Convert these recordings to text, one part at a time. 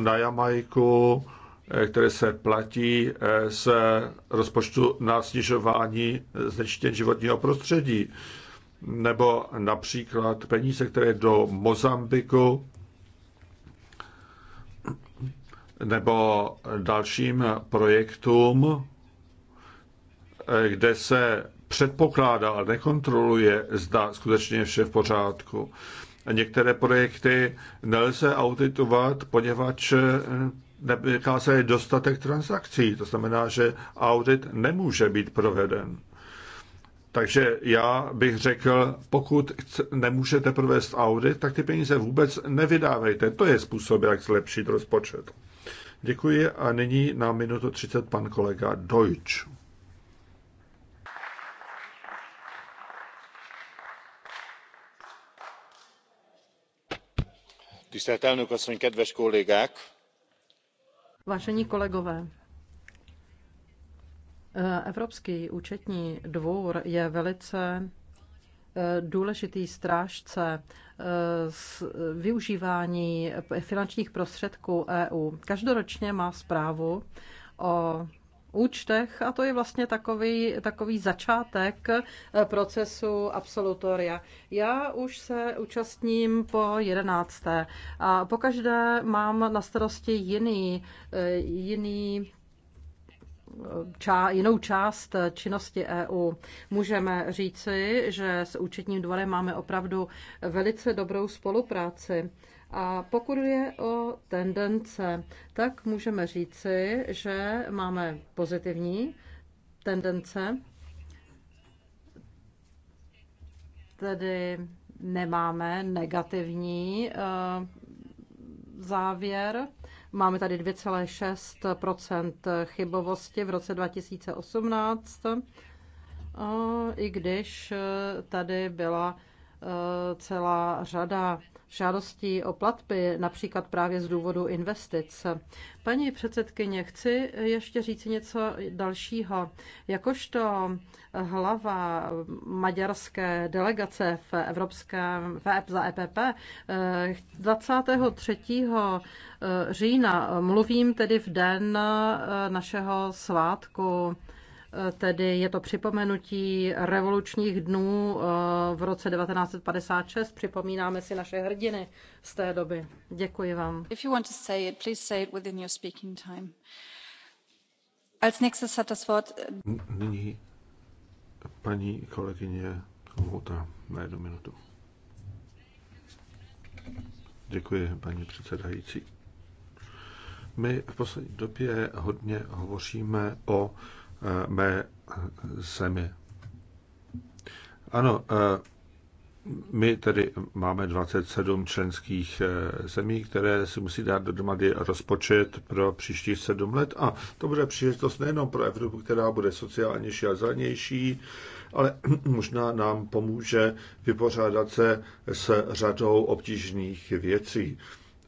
na Jamajku, eh, které se platí eh, z rozpočtu na snižování znečištění životního prostředí, nebo například peníze, které do Mozambiku nebo dalším projektům, eh, kde se předpokládá, ale nekontroluje, zda skutečně vše v pořádku. Některé projekty nelze auditovat, poněvadž eh, nevychází dostatek transakcí. To znamená, že audit nemůže být proveden. Takže já bych řekl, pokud nemůžete provést audit, tak ty peníze vůbec nevydávejte. To je způsob, jak zlepšit rozpočet. Děkuji a nyní na minutu 30 pan kolega Deutsch. tisztelt elnök asszony kedves kollégák! vážení kolegové evropský účetní dvůr je velice eh, důležitý strážce z eh, využívání finančních prostředků eu. každoročně má zprávu o účtech a to je vlastně takový, takový začátek eh, procesu absolutoria. Já už se účastním po jedenácté a pokaždé mám na starosti jiný, eh, jiný eh, čá, jinou část činnosti EU. Můžeme říci, že s účetním dvorem máme opravdu velice dobrou spolupráci. A pokud je o tendence, tak můžeme říci, že máme pozitivní tendence, tedy nemáme negativní eh, závěr. Máme tady 2,6 chybovosti v roce 2018, eh, i když eh, tady byla celá řada žádostí o platby, například právě z důvodu investic. Paní předsedkyně, chci ještě říct něco dalšího. Jakožto hlava maďarské delegace v Evropském v e za EPP 23. října, mluvím tedy v den našeho svátku tedy je to připomenutí revolučních dnů eh, v roce 1956. Připomínáme si naše hrdiny z té doby. Děkuji vám. If you want to say it, please say it within your speaking time. Als nächstes hat das Wort... Äh, nyní paní kolegyně Kohouta na jednu minutu. Děkuji, paní předsedající. My v poslední době hodně hovoříme o mé zemi. Ano, eh, my tedy máme 27 členských eh, zemí, které si musí dát do domady rozpočet pro příští 7 let a to bude příležitost nejenom pro Evropu, která bude sociálnější a zelenější, ale možná nám pomůže vypořádat se s řadou obtížných věcí.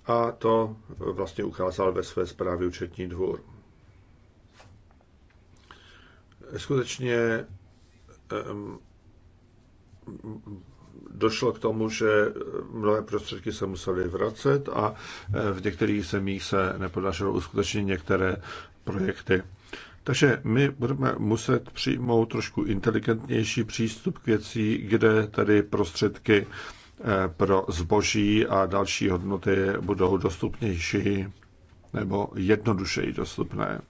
A to vlastně ukázal ve své zprávě účetní dvůr skutečně došlo k tomu, že mnohé prostředky se musely vracet a e, v některých zemích se nepodařilo uskutečnit některé projekty. Takže my budeme muset přijmout trošku inteligentnější přístup k věcí, kde tady prostředky e, pro zboží a další hodnoty budou dostupnější nebo jednodušeji dostupné.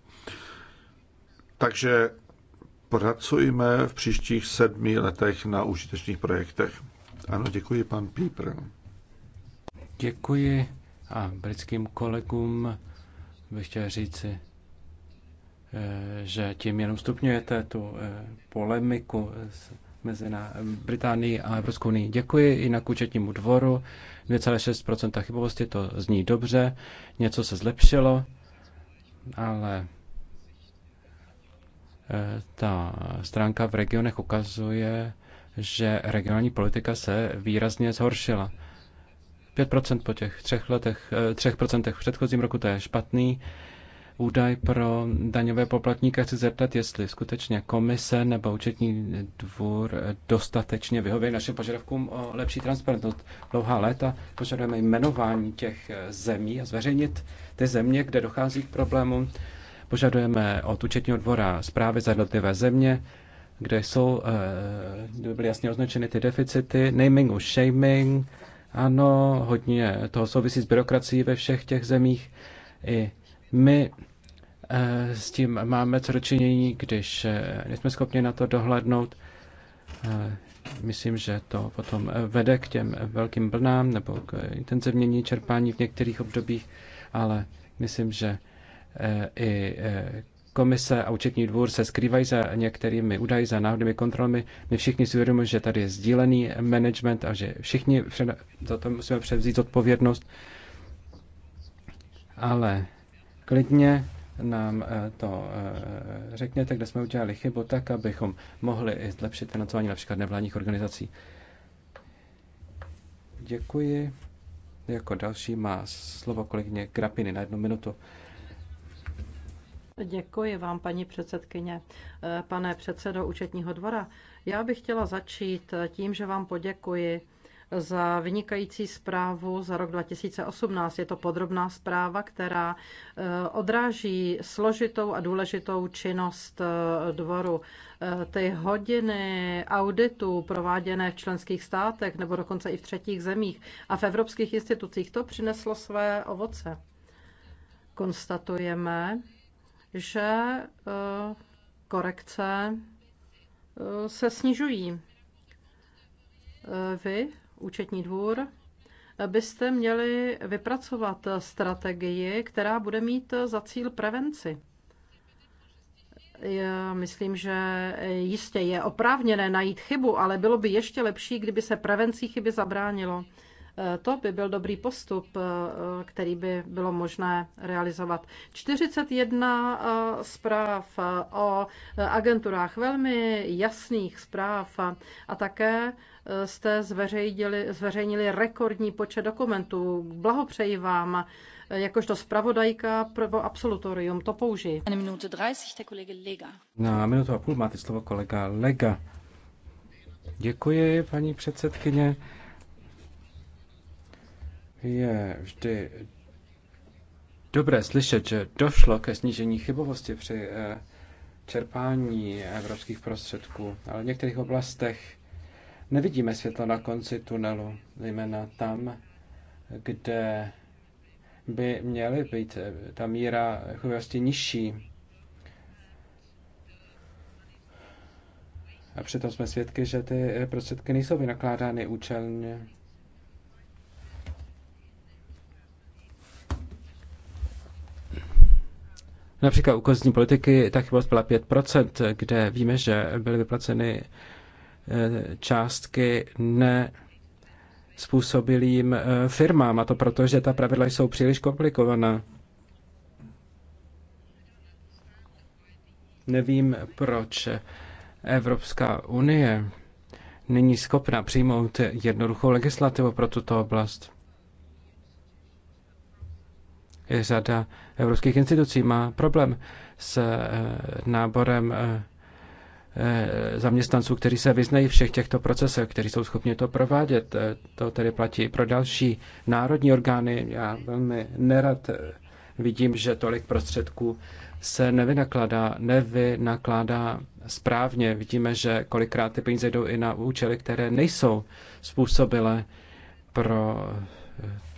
Takže pracujme v příštích sedmi letech na užitečných projektech. Ano, děkuji, pan Pípr. Děkuji a britským kolegům bych chtěl říci, eh, že tím jenom stupňujete tu eh, polemiku mezi na Británii a Evropskou unii. Děkuji i na účetnímu dvoru. 2,6% chybovosti, to zní dobře, něco se zlepšilo, ale Eh, ta stránka v regionech ukazuje, že regionální politika se výrazně zhoršila. 5% po těch třech letech, 3% eh, v předchozím roku, to je špatný údaj pro daňové poplatníka. Chci zeptat, jestli skutečně komise nebo účetní dvůr dostatečně vyhovějí našim požadavkům o lepší transparentnost. Dlouhá léta požadujeme jmenování těch eh, zemí a zveřejnit ty země, kde dochází k problémům Požadujeme od účetního dvora zprávy za jednotlivé země, kde jsou, eh, kde byly jasně označeny ty deficity, naming u shaming, ano, hodně toho souvisí s byrokracií ve všech těch zemích. I my eh, s tím máme co dočinění, když eh, nejsme schopni na to dohlednout. Myslím, že to potom vede k těm velkým blnám nebo k intenzivnění čerpání v některých obdobích, ale myslím, že Eh, i eh, komise a účetní dvůr se skrývají za některými údaji, za náhodnými kontrolami. My všichni si uvědomujeme, že tady je sdílený management a že všichni za to musíme převzít odpovědnost. Ale klidně nám eh, to řekněte, kde jsme udělali chybu, tak, abychom mohli i zlepšit financování například nevládních organizací. Děkuji. Jako další má slovo kolegyně Krapiny na jednu minutu. Děkuji vám, paní předsedkyně, eh, pane předsedo účetního dvora. Já bych chtěla začít tím, že vám poděkuji za vynikající zprávu za rok 2018. Je to podrobná zpráva, která eh, odráží složitou a důležitou činnost eh, dvoru. Ty hodiny auditu prováděné v členských státech nebo dokonce i v třetích zemích a v evropských institucích, to přineslo své ovoce. Konstatujeme, že eh, korekce eh, se snižují. Eh, vy, účetní dvůr, byste měli vypracovat strategii, která bude mít za cíl prevenci. Já myslím, že jistě je oprávněné najít chybu, ale bylo by ještě lepší, kdyby se prevencí chyby zabránilo. Eh, to by byl dobrý postup, eh, který by bylo možné realizovat. 41 eh, zpráv o agenturách, velmi jasných zpráv a také jste zveřejnili, zveřejnili rekordní počet dokumentů. Blahopřeji vám jakožto zpravodajka pro absolutorium. To použijí. Na minutu 30, kolega Lega. Na minutu a půl máte slovo kolega Lega. Děkuji, paní předsedkyně. Je vždy dobré slyšet, že došlo ke snížení chybovosti při eh, čerpání evropských prostředků, ale v některých oblastech nevidíme světlo na konci tunelu, zejména tam, kde by měly být eh, ta míra chybovosti nižší. A přitom jsme svědky, že ty prostředky nejsou vynakládány účelně. Například u kozní politiky ta chybost byla 5%, kde víme, že byly vyplaceny eh, částky ne způsobilým eh, firmám, a to proto, že ta pravidla jsou příliš komplikovaná. Nevím, proč Evropská unie není schopna přijmout jednoduchou legislativu pro tuto oblast řada evropských institucí má problém s eh, náborem eh, eh, zaměstnanců, kteří se vyznají všech těchto procesech, kteří jsou schopni to provádět. To tedy platí pro další národní orgány. Já velmi nerad vidím, že tolik prostředků se nevynakládá, nevynakládá správně. Vidíme, že kolikrát ty peníze jdou i na účely, které nejsou způsobile pro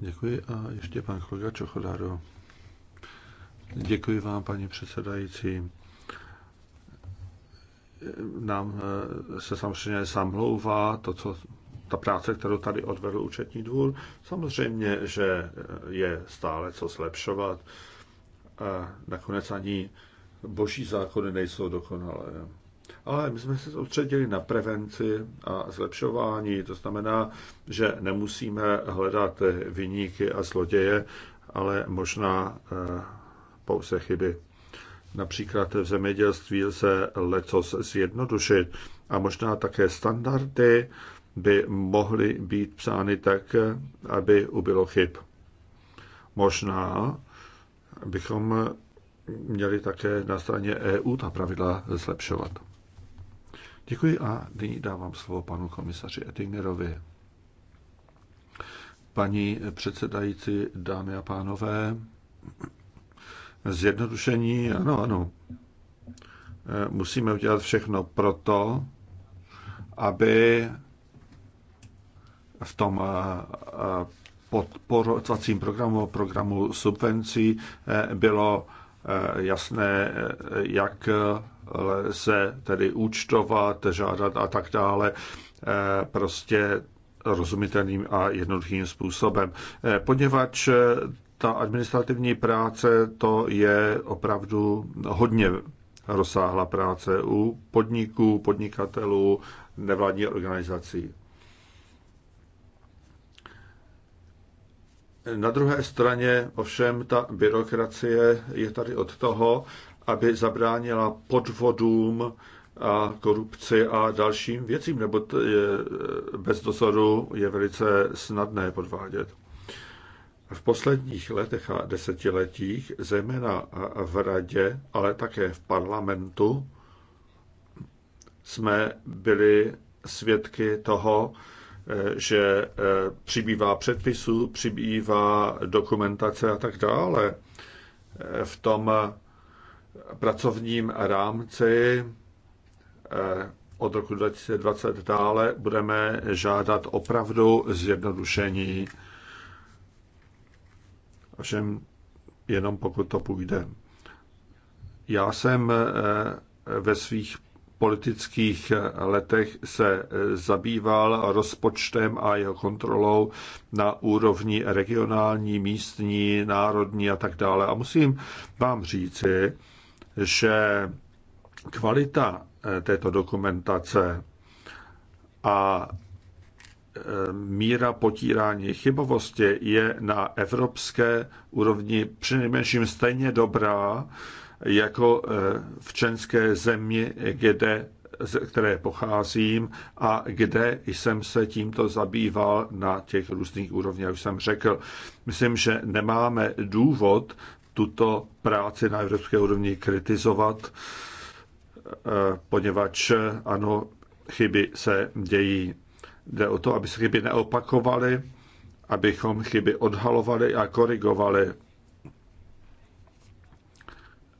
Děkuji a ještě pan kolega Čochodáro. Děkuji vám, paní předsedající. Nám eh, se samozřejmě samlouvá to, co ta práce, kterou tady odvedl účetní dvůr. Samozřejmě, že je stále co zlepšovat. A nakonec ani boží zákony nejsou dokonalé ale my jsme se soustředili na prevenci a zlepšování. To znamená, že nemusíme hledat vyníky a zloděje, ale možná eh, pouze chyby. Například v zemědělství se lecos zjednodušit a možná také standardy by mohly být psány tak, aby ubylo chyb. Možná bychom měli také na straně EU ta pravidla zlepšovat. Děkuji a nyní dávám slovo panu komisaři Ettingerovi. Paní předsedající, dámy a pánové, zjednodušení, ano, ano. Musíme udělat všechno proto, aby v tom podporovacím programu, programu subvencí e, bylo e, jasné, e, jak lze tedy účtovat, žádat a tak dále, eh, prostě rozumitelným a jednoduchým způsobem. Eh, poněvadž eh, ta administrativní práce to je opravdu hodně rozsáhlá práce u podniků, podnikatelů, nevládní organizací. Na druhé straně ovšem ta byrokracie je tady od toho, aby zabránila podvodům a korupci a dalším věcím, nebo t- je, bez dozoru je velice snadné podvádět. V posledních letech a desetiletích, zejména v radě, ale také v parlamentu, jsme byli svědky toho, že eh, přibývá předpisů, přibývá dokumentace a tak dále. Eh, v tom pracovním rámci eh, od roku 2020 dále budeme žádat opravdu zjednodušení. Ovšem jenom pokud to půjde. Já jsem eh, ve svých politických letech se eh, zabýval rozpočtem a jeho kontrolou na úrovni regionální, místní, národní a tak dále. A musím vám říci, že kvalita eh, této dokumentace a eh, míra potírání chybovosti je na evropské úrovni přinejmenším stejně dobrá jako eh, v členské zemi, kde, z které pocházím a kde jsem se tímto zabýval na těch různých úrovních, jak jsem řekl. Myslím, že nemáme důvod tuto práci na evropské úrovni kritizovat, eh, poněvadž ano, chyby se dějí. Jde o to, aby se chyby neopakovaly, abychom chyby odhalovali a korigovali.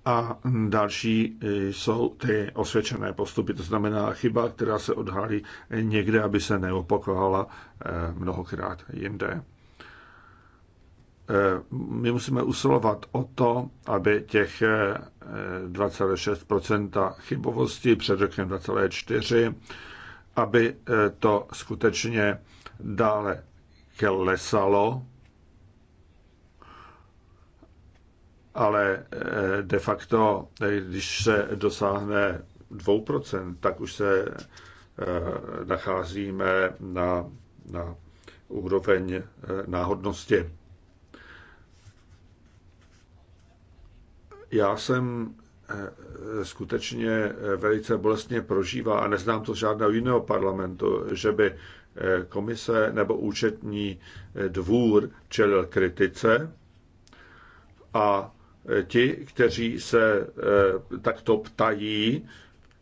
A další eh, jsou ty osvědčené postupy, to znamená chyba, která se odhalí někde, aby se neopakovala eh, mnohokrát jinde. Eh, my musíme usilovat o to, aby těch 2,6 eh, chybovosti před rokem 2,4, aby eh, to skutečně dále klesalo, ale de facto, když se dosáhne 2%, tak už se nacházíme na, na úroveň náhodnosti. Já jsem eh, skutečně eh, velice bolestně prožívá a neznám to z žádného jiného parlamentu, že by eh, komise nebo účetní dvůr čelil kritice a ti, kteří se takto ptají,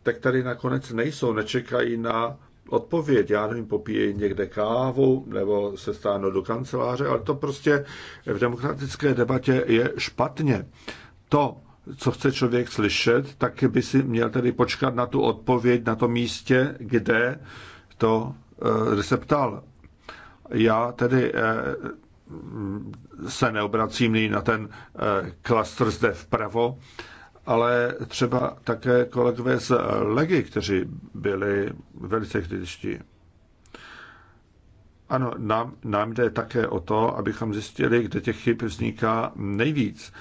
tak tady nakonec nejsou, nečekají na odpověď. Já nevím, popíjí někde kávu nebo se stáhnou do kanceláře, ale to prostě v demokratické debatě je špatně. To, co chce člověk slyšet, tak by si měl tedy počkat na tu odpověď na tom místě, kde to kde eh, se ptal. Já tedy eh, se neobracím nyní na ten eh, klastr zde vpravo, ale třeba také kolegové z Legy, kteří byli velice kritičtí. Ano, nám, nám jde také o to, abychom zjistili, kde těch chyb vzniká nejvíc.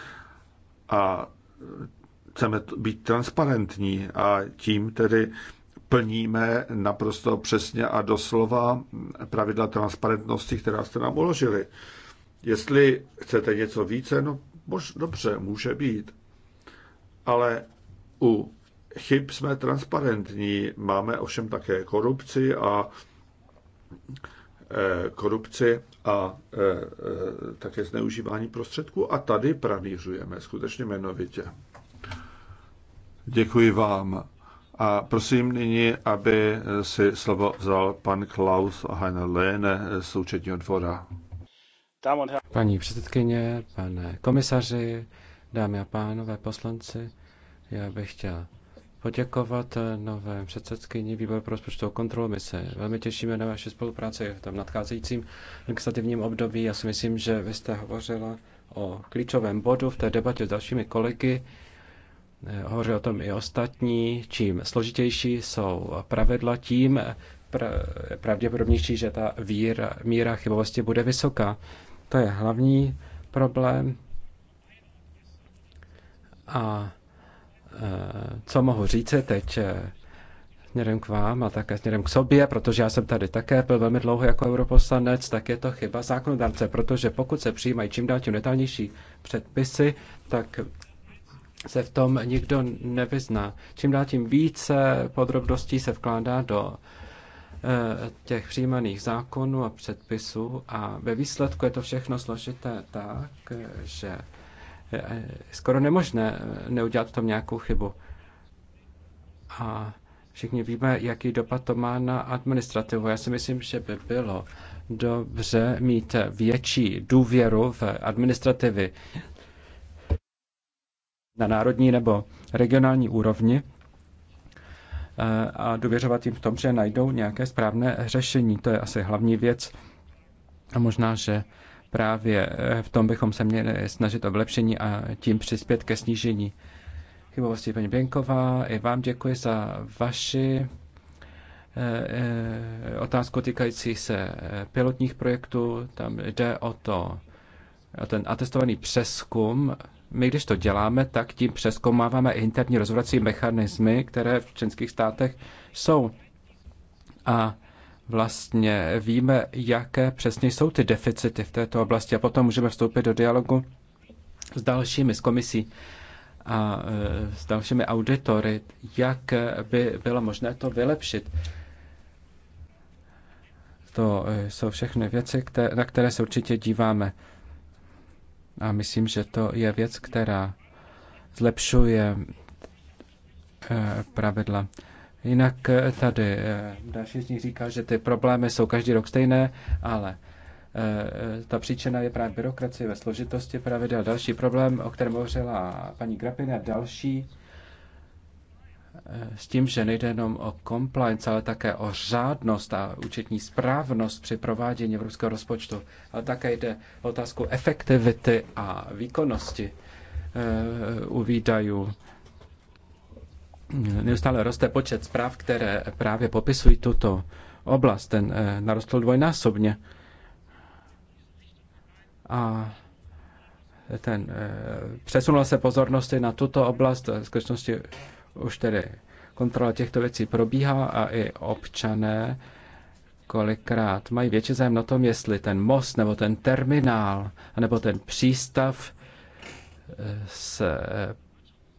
A chceme být transparentní a tím tedy plníme naprosto přesně a doslova pravidla transparentnosti, která jste nám uložili. Jestli chcete něco více, no mož, dobře, může být. Ale u chyb jsme transparentní, máme ovšem také korupci a Eh, korupci a eh, eh, také zneužívání prostředků. A tady pranířujeme skutečně jmenovitě. Děkuji vám. A prosím nyní, aby si slovo vzal pan Klaus Heinlein z účetního dvora. Paní předsedkyně, pane komisaři, dámy a pánové poslanci, já bych chtěl poděkovat eh, nové předsedkyni výboru pro rozpočtovou kontrolu. My se velmi těšíme na vaši spolupráci v tom nadcházejícím legislativním období. Já si myslím, že vy jste hovořila o klíčovém bodu v té debatě s dalšími kolegy. Eh, hovoří o tom i ostatní. Čím složitější jsou pravidla, tím pravděpodobnější, že ta víra, míra chybovosti bude vysoká. To je hlavní problém. A Eh, co mohu říci teď eh, směrem k vám a také směrem k sobě, protože já jsem tady také byl velmi dlouho jako europoslanec, tak je to chyba zákonodárce, protože pokud se přijímají čím dál tím detalnější předpisy, tak se v tom nikdo nevyzná. Čím dál tím více podrobností se vkládá do eh, těch přijímaných zákonů a předpisů a ve výsledku je to všechno složité tak, že Eh, skoro nemožné eh, neudělat tom nějakou chybu. A všichni víme, jaký dopad to má na administrativu. Já si myslím, že by bylo dobře mít větší důvěru v administrativy na národní nebo regionální úrovni eh, a důvěřovat jim v tom, že najdou nějaké správné řešení. To je asi hlavní věc. A možná, že právě eh, v tom bychom se měli snažit o vylepšení a tím přispět ke snížení chybovosti. Paní Běnková, i vám děkuji za vaši eh, eh, otázku týkající se pilotních projektů. Tam jde o to, o ten atestovaný přeskum. My, když to děláme, tak tím přeskoumáváme interní rozvrací mechanismy, které v členských státech jsou. A vlastně víme, jaké přesně jsou ty deficity v této oblasti a potom můžeme vstoupit do dialogu s dalšími, s komisí a e, s dalšími auditory, jak by bylo možné to vylepšit. To e, jsou všechny věci, na které se určitě díváme. A myslím, že to je věc, která zlepšuje e, pravidla. Jinak eh, tady eh, další z nich říká, že ty problémy jsou každý rok stejné, ale eh, ta příčina je právě byrokracie ve složitosti pravidel. Další problém, o kterém hovořila paní Grapina, další s tím, že nejde jenom o compliance, ale také o řádnost a účetní správnost při provádění evropského rozpočtu, ale také jde o otázku efektivity a výkonnosti u výdajů neustále roste počet zpráv, které právě popisují tuto oblast. Ten eh, narostl dvojnásobně. A ten, eh, přesunula se pozornosti na tuto oblast. V skutečnosti už tedy kontrola těchto věcí probíhá a i občané kolikrát mají větší zájem na tom, jestli ten most nebo ten terminál nebo ten přístav eh, se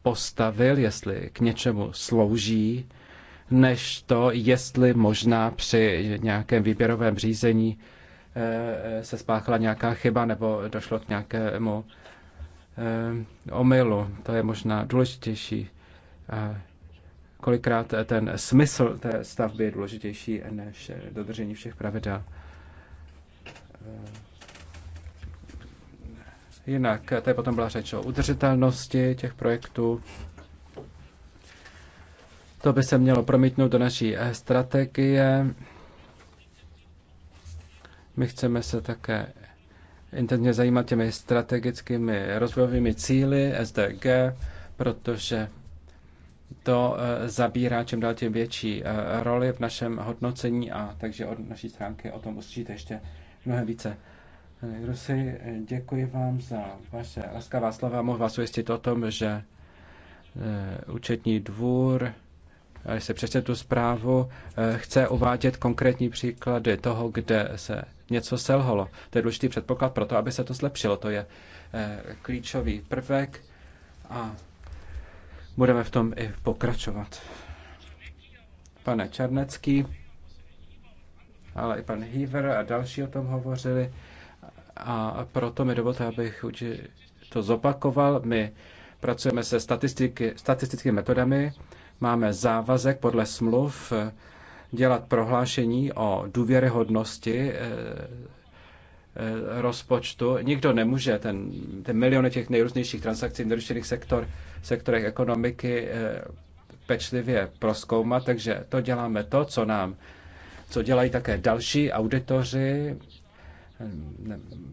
postavil, jestli k něčemu slouží, než to, jestli možná při nějakém výběrovém řízení eh, se spáchala nějaká chyba nebo došlo k nějakému eh, omylu. To je možná důležitější. Kolikrát ten smysl té stavby je důležitější než dodržení všech pravidel. Eh, Jinak eh, tady potom byla řeč o udržitelnosti těch projektů. To by se mělo promítnout do naší eh, strategie. My chceme se také intenzivně zajímat těmi strategickými rozvojovými cíly SDG, protože to eh, zabírá čím dál tím větší roli v našem hodnocení a takže od naší stránky o tom uslyšíte ještě mnohem více. Rusy, děkuji vám za vaše laskavá slova. Mohu vás ujistit o tom, že eh, účetní dvůr, když se přečte tu zprávu, eh, chce uvádět konkrétní příklady toho, kde se něco selhalo. To je důležitý předpoklad pro to, aby se to zlepšilo. To je eh, klíčový prvek a budeme v tom i pokračovat. Pane Černecký, ale i pan Heaver a další o tom hovořili a proto mi dovolte, abych to zopakoval. My pracujeme se statistiky, statistickými metodami, máme závazek podle smluv eh, dělat prohlášení o důvěryhodnosti eh, eh, rozpočtu. Nikdo nemůže ten, ten miliony těch nejrůznějších transakcí v nerušených sektor, sektorech ekonomiky pečlivě proskoumat, takže to děláme to, co nám, co dělají také další auditoři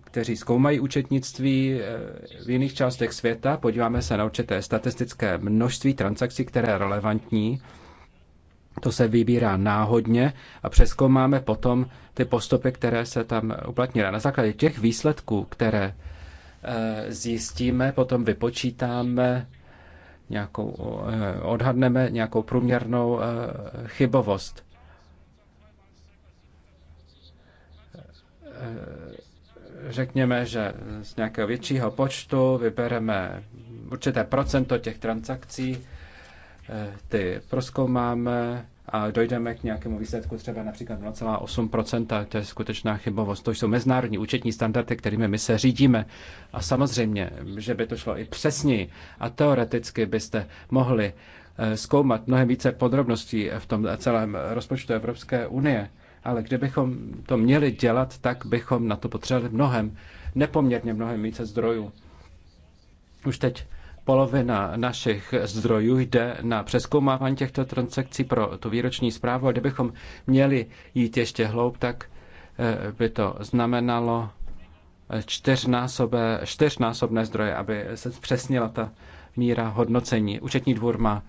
kteří zkoumají účetnictví eh, v jiných částech světa. Podíváme se na určité statistické množství transakcí, které je relevantní. To se vybírá náhodně a přeskoumáme potom ty postupy, které se tam uplatnily. Na základě těch výsledků, které eh, zjistíme, potom vypočítáme nějakou, eh, odhadneme nějakou průměrnou chybovost. řekněme, že z nějakého většího počtu vybereme určité procento těch transakcí, eh, ty proskoumáme a dojdeme k nějakému výsledku třeba například 0,8%, to je skutečná chybovost. To jsou mezinárodní účetní standardy, kterými my se řídíme. A samozřejmě, že by to šlo i přesněji a teoreticky byste mohli eh, zkoumat mnohem více podrobností v tom celém rozpočtu Evropské unie ale kdybychom to měli dělat, tak bychom na to potřebovali mnohem, nepoměrně mnohem více zdrojů. Už teď polovina našich zdrojů jde na přeskoumávání těchto transakcí pro tu výroční zprávu a kdybychom měli jít ještě hloub, tak eh, by to znamenalo eh, čtyřnásobné, čtyřnásobné zdroje, aby se zpřesnila ta míra hodnocení. Účetní dvůr má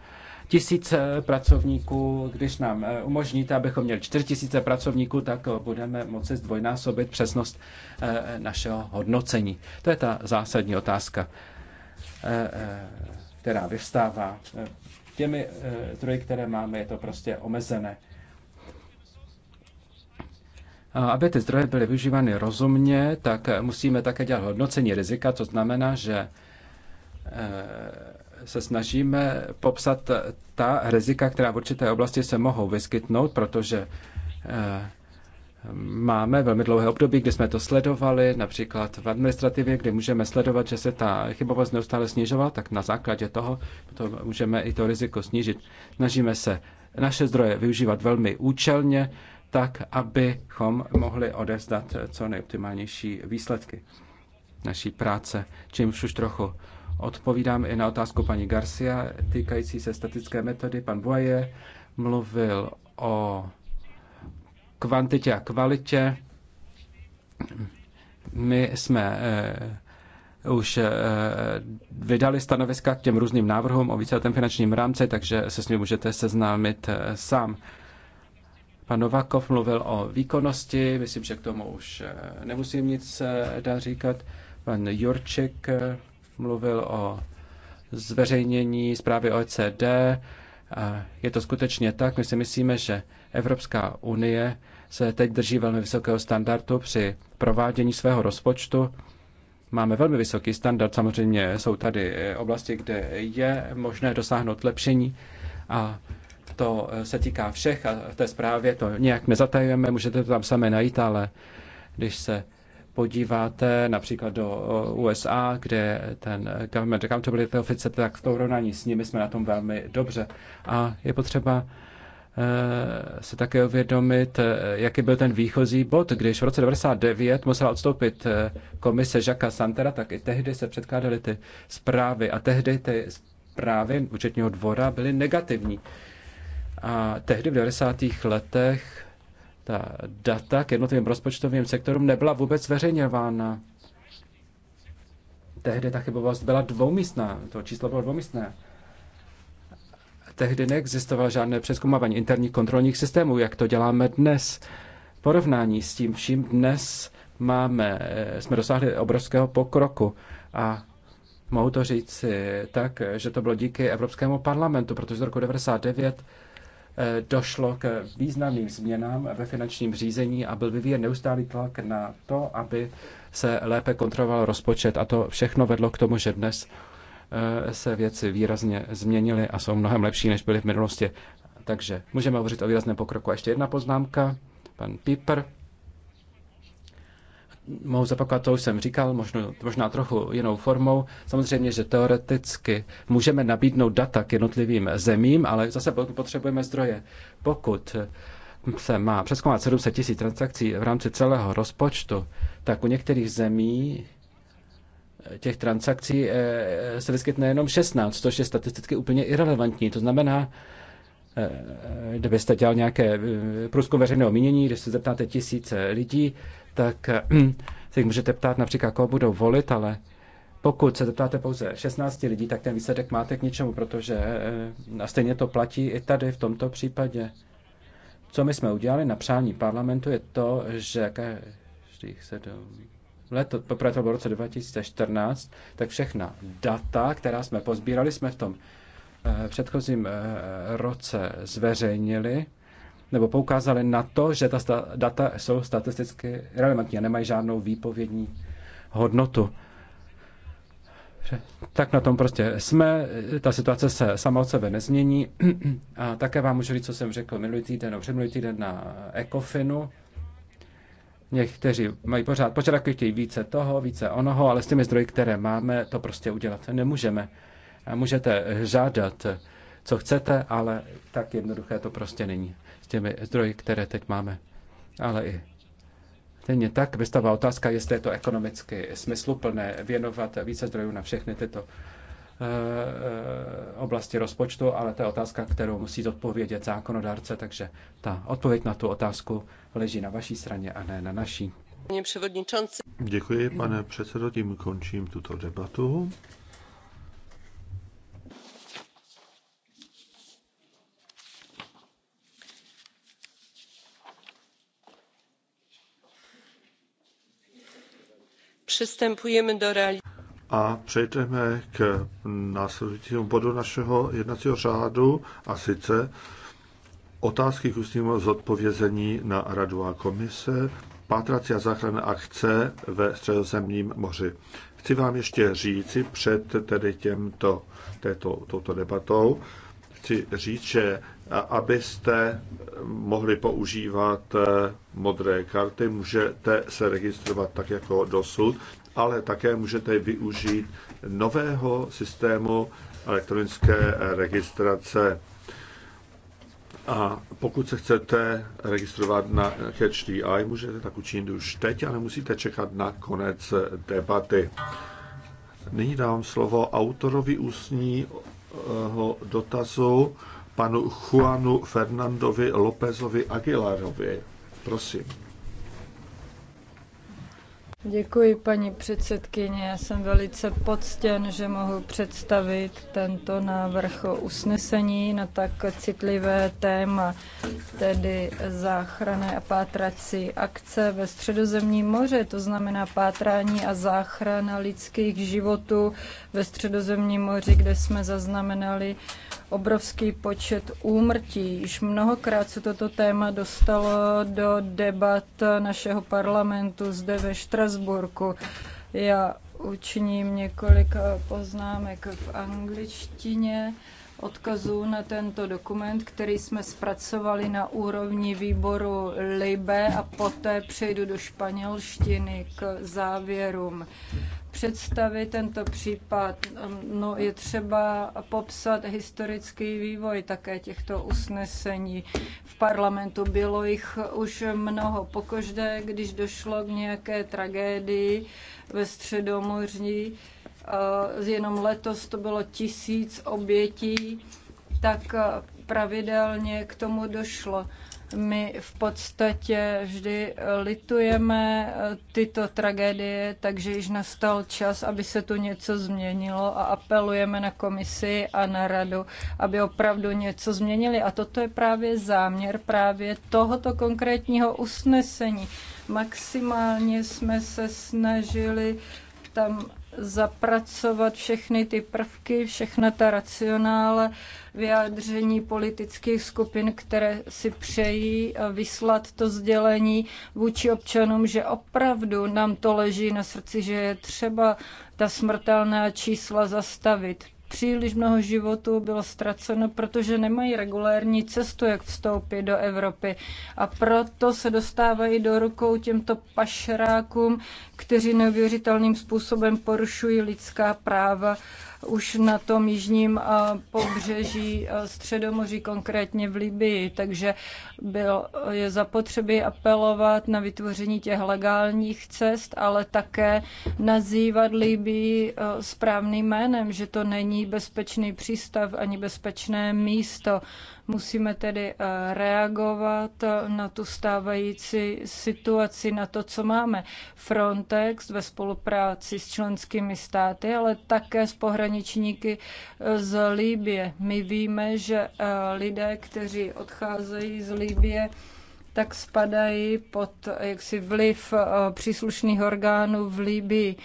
tisíc pracovníků, když nám eh, umožníte, abychom měli 4 tisíce pracovníků, tak eh, budeme moci zdvojnásobit přesnost eh, našeho hodnocení. To je ta zásadní otázka, která vyvstává. Těmi zdroji, které máme, je to prostě omezené. Aby ty zdroje byly využívány rozumně, tak musíme také dělat hodnocení rizika, to znamená, že se snažíme popsat ta rizika, která v určité oblasti se mohou vyskytnout, protože eh, máme velmi dlouhé období, kdy jsme to sledovali, například v administrativě, kdy můžeme sledovat, že se ta chybovost neustále snižovala, tak na základě toho to můžeme i to riziko snížit. Snažíme se naše zdroje využívat velmi účelně, tak, abychom mohli odevzdat co nejoptimálnější výsledky naší práce, čímž už trochu Odpovídám i na otázku paní Garcia týkající se statické metody. Pan Boje mluvil o kvantitě a kvalitě. My jsme eh, už eh, vydali stanoviska k těm různým návrhům o víceletém finančním rámci, takže se s ním můžete seznámit eh, sám. Pan Novakov mluvil o výkonnosti, myslím, že k tomu už nemusím nic dát říkat. Pan Jurček mluvil o zveřejnění zprávy OECD. Je to skutečně tak. My si myslíme, že Evropská unie se teď drží velmi vysokého standardu při provádění svého rozpočtu. Máme velmi vysoký standard, samozřejmě jsou tady oblasti, kde je možné dosáhnout lepšení. a to se týká všech a v té zprávě to nějak nezatajujeme, můžete to tam samé najít, ale když se podíváte například do USA, kde ten Government Accountability Office, tak v tom rovnání s nimi jsme na tom velmi dobře. A je potřeba e, se také uvědomit, e, jaký byl ten výchozí bod, když v roce 99 musela odstoupit e, komise Žaka Santera, tak i tehdy se předkládaly ty zprávy a tehdy ty zprávy účetního dvora byly negativní. A tehdy v 90. letech ta data k jednotlivým rozpočtovým sektorům nebyla vůbec zveřejňována. Tehdy ta chybovost byla dvoumístná, to číslo bylo dvoumístné. Tehdy neexistovalo žádné přeskumování interních kontrolních systémů, jak to děláme dnes. V porovnání s tím vším dnes máme, jsme dosáhli obrovského pokroku a mohu to říct tak, že to bylo díky Evropskému parlamentu, protože z roku 1999 Eh, došlo k významným změnám ve finančním řízení a byl vyvíjen neustálý tlak na to, aby se lépe kontroloval rozpočet. A to všechno vedlo k tomu, že dnes eh, se věci výrazně změnily a jsou mnohem lepší, než byly v minulosti. Takže můžeme hovořit o výrazném pokroku. A ještě jedna poznámka. Pan Piper mohu zapakovat, to už jsem říkal, možno, možná trochu jinou formou. Samozřejmě, že teoreticky můžeme nabídnout data k jednotlivým zemím, ale zase potřebujeme zdroje. Pokud se má přeskoumat 700 tisíc transakcí v rámci celého rozpočtu, tak u některých zemí těch transakcí eh, eh, se vyskytne jenom 16, což je statisticky úplně irrelevantní. To znamená, Eh, kdybyste dělal nějaké eh, průzkum veřejného mínění, když se zeptáte tisíce lidí, tak eh, se jich můžete ptát například, koho budou volit, ale pokud se zeptáte pouze 16 lidí, tak ten výsledek máte k ničemu, protože a stejně to platí i tady v tomto případě. Co my jsme udělali na přání parlamentu je to, že každých sedm let, poprvé to bylo v roce 2014, tak všechna data, která jsme pozbírali, jsme v tom v eh, předchozím eh, roce zveřejnili nebo poukázali na to, že ta data jsou statisticky relevantní a nemají žádnou výpovědní hodnotu. Tak na tom prostě jsme, ta situace se sama od sebe nezmění. A také vám můžu říct, co jsem řekl minulý týden, no před minulý týden na Ecofinu. Někteří mají pořád požadavky, chtějí více toho, více onoho, ale s těmi zdroji, které máme, to prostě udělat nemůžeme. Můžete žádat, co chcete, ale tak jednoduché to prostě není s těmi zdroji, které teď máme. Ale i stejně tak vystává otázka, jestli je to ekonomicky smysluplné věnovat více zdrojů na všechny tyto eh, eh, oblasti rozpočtu, ale to je otázka, kterou musí zodpovědět zákonodárce, takže ta odpověď na tu otázku leží na vaší straně a ne na naší. Děkuji, pane předsedo, tím končím tuto debatu. Přistępujeme do realizace. A přejdeme k následujícímu bodu našeho jednacího řádu a sice otázky k ústnímu zodpovězení na radu a komise, pátrací a záchranné akce ve středozemním moři. Chci vám ještě říci před tedy těmto, této, touto debatou, chci říct, že abyste mohli používat eh, modré karty, můžete se registrovat tak jako dosud, ale také můžete využít nového systému elektronické eh, registrace. A pokud se chcete registrovat na HDI, můžete tak učinit už teď a nemusíte čekat na konec eh, debaty. Nyní dám slovo autorovi ústního dotazu panu Juanu Fernandovi Lópezovi Aguilarovi. Prosím. Děkuji, paní předsedkyně. Já jsem velice poctěn, že mohu představit tento návrh usnesení na tak citlivé téma, tedy záchranné a pátrací akce ve Středozemním moři, to znamená pátrání a záchrana lidských životů ve Středozemním moři, kde jsme zaznamenali obrovský počet úmrtí. Již mnohokrát se toto téma dostalo do debat našeho parlamentu zde ve Štrasburku Štrasburku. Já učiním několik eh, poznámek v angličtině odkazu na tento dokument, který jsme zpracovali na úrovni výboru LIBE a poté přejdu do španělštiny k závěrům představit tento případ. No, je třeba popsat historický vývoj také těchto usnesení. V parlamentu bylo jich už mnoho. Pokaždé, když došlo k nějaké tragédii ve Středomoří, eh, jenom letos to bylo tisíc obětí, tak eh, pravidelně k tomu došlo. My v podstatě vždy litujeme eh, tyto tragédie, takže již nastal čas, aby se tu něco změnilo a apelujeme na komisi a na radu, aby opravdu něco změnili. A toto je právě záměr právě tohoto konkrétního usnesení. Maximálně jsme se snažili tam zapracovat všechny ty prvky, všechna ta racionále vyjádření politických skupin, které si přejí eh, vyslat to sdělení vůči občanům, že opravdu nám to leží na srdci, že je třeba ta smrtelná čísla zastavit. Příliš mnoho životů bylo ztraceno, protože nemají regulérní cestu, jak vstoupit do Evropy. A proto se dostávají do rukou těmto pašerákům, kteří neuvěřitelným způsobem porušují lidská práva už na tom jižním eh, pobřeží eh, Středomoří, konkrétně v Libii. Takže byl, je zapotřebí apelovat na vytvoření těch legálních cest, ale také nazývat Libii eh, správným jménem, že to není bezpečný přístav ani bezpečné místo. Musíme tedy eh, reagovat na tu stávající situaci, na to, co máme. Frontex ve spolupráci s členskými státy, ale také s pohraničníky eh, z Líbie. My víme, že eh, lidé, kteří odcházejí z Líbie, tak spadají pod jaksi vliv příslušných orgánů v Libii.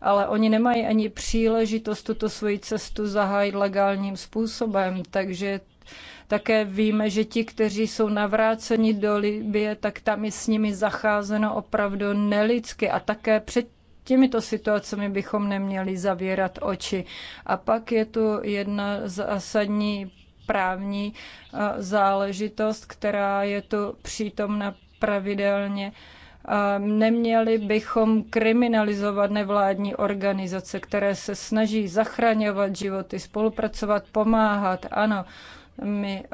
Ale oni nemají ani příležitost tuto svoji cestu zahájit legálním způsobem, takže také víme, že ti, kteří jsou navráceni do Libie, tak tam je s nimi zacházeno opravdu nelidsky a také před těmito situacemi bychom neměli zavírat oči. A pak je tu jedna zásadní právní eh, záležitost, která je tu přítomna pravidelně. Eh, neměli bychom kriminalizovat nevládní organizace, které se snaží zachraňovat životy, spolupracovat, pomáhat. Ano, my eh,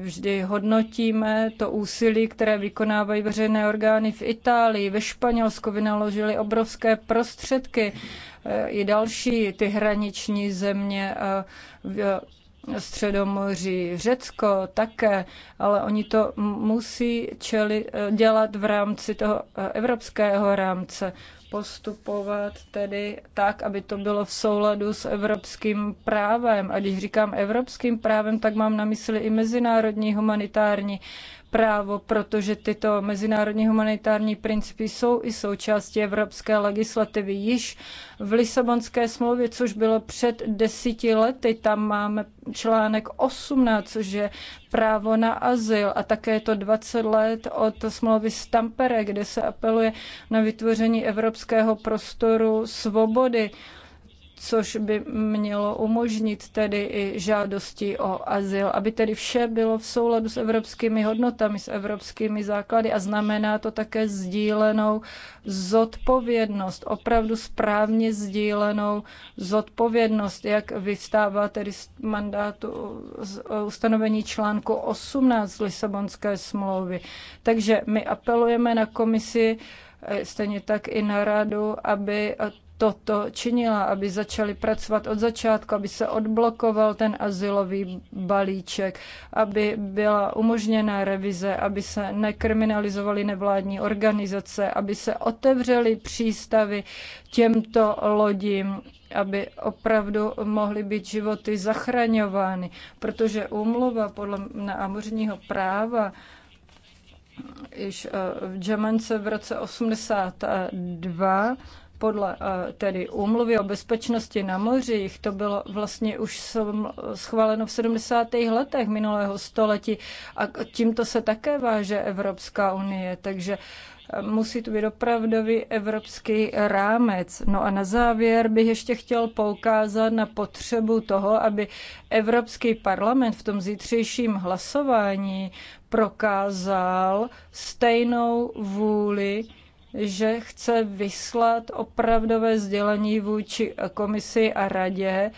vždy hodnotíme to úsilí, které vykonávají veřejné orgány v Itálii, ve Španělsku vynaložili obrovské prostředky eh, i další ty hraniční země eh, v Středomoří, Řecko také, ale oni to musí čeli, dělat v rámci toho evropského rámce postupovat tedy tak, aby to bylo v souladu s evropským právem. A když říkám evropským právem, tak mám na mysli i mezinárodní humanitární právo, protože tyto mezinárodní humanitární principy jsou i součástí evropské legislativy. Již v Lisabonské smlouvě, což bylo před desíti lety, tam máme článek 18, což je právo na azyl a také to 20 let od smlouvy z Tampere, kde se apeluje na vytvoření evropského prostoru svobody což by mělo umožnit tedy i žádosti o azyl, aby tedy vše bylo v souladu s evropskými hodnotami, s evropskými základy a znamená to také sdílenou zodpovědnost, opravdu správně sdílenou zodpovědnost, jak vystává tedy z mandátu z e, ustanovení článku 18 Lisabonské smlouvy. Takže my apelujeme na komisi, e, stejně tak i na radu, aby toto činila, aby začali pracovat od začátku, aby se odblokoval ten asilový balíček, aby byla umožněna revize, aby se nekriminalizovaly nevládní organizace, aby se otevřely přístavy těmto lodím, aby opravdu mohly být životy zachraňovány, protože úmluva podle námořního práva již eh, v Džamance v roce 82 podle eh, tedy úmluvy o bezpečnosti na mořích to bylo vlastně už schváleno v 70. letech minulého století a tímto se také váže Evropská unie, takže eh, musí to být opravdový evropský rámec. No a na závěr bych ještě chtěl poukázat na potřebu toho, aby Evropský parlament v tom zítřejším hlasování prokázal stejnou vůli že chce vyslat opravdové sdělení vůči komisi a radě,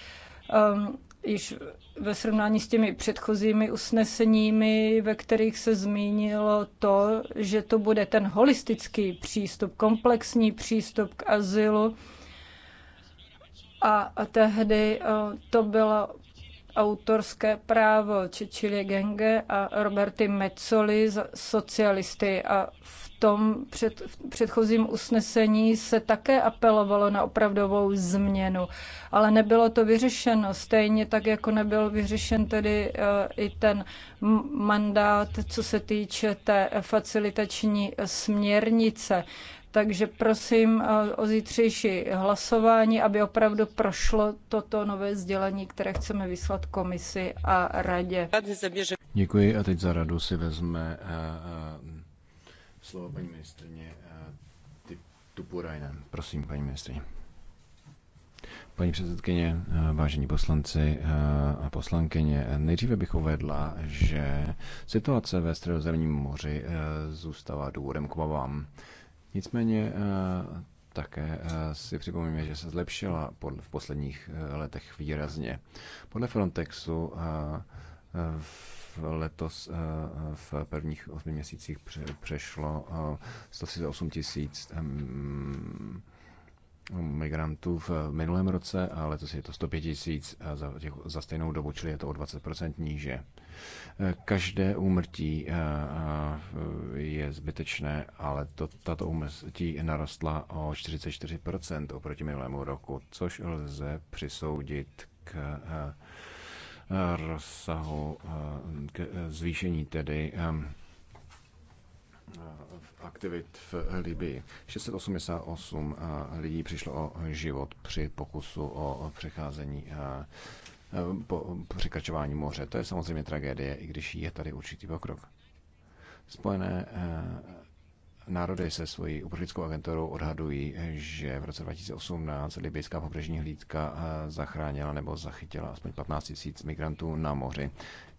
um, již ve srovnání s těmi předchozími usneseními, ve kterých se zmínilo to, že to bude ten holistický přístup, komplexní přístup k azylu. A, a tehdy uh, to bylo autorské právo Čečilie Genge a Roberty Mezzoli socialisty. A v tom před, v předchozím usnesení se také apelovalo na opravdovou změnu, ale nebylo to vyřešeno. Stejně tak, jako nebyl vyřešen tedy eh, i ten mandát, co se týče té facilitační směrnice. Takže prosím eh, o zítřejší hlasování, aby opravdu prošlo toto nové sdělení, které chceme vyslat komisi a radě. Děkuji a teď za radu si vezme eh, slovo paní eh, typu Tupurajnen. Prosím, paní ministrně. Paní předsedkyně, eh, vážení poslanci eh, a poslankyně, nejdříve bych uvedla, že situace ve středozemním moři zůstává důvodem k obavám. Nicméně také si připomínáme, že se zlepšila v posledních letech výrazně. Podle Frontexu v v letos eh, v prvních osmi měsících přešlo 138 eh, tisíc migrantů v minulém roce a letos je to 105 tisíc za, za stejnou dobu, čili je to o 20% níže. Eh, každé úmrtí je zbytečné, ale to, tato úmrtí narostla o 44% oproti minulému roku, což lze přisoudit k rozsahu eh, k eh, zvýšení tedy eh, aktivit v Libii. 688 lidí přišlo o život při pokusu o přecházení po překračování moře. To je samozřejmě tragédie, i když je tady určitý pokrok. Spojené národy se svojí uprchlickou agenturou odhadují, že v roce 2018 libyjská pobřežní hlídka eh, zachránila nebo zachytila aspoň 15 000 migrantů na moři.